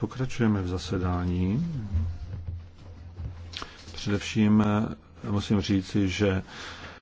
Pokračujeme v zasedání. Především eh, musím říci, že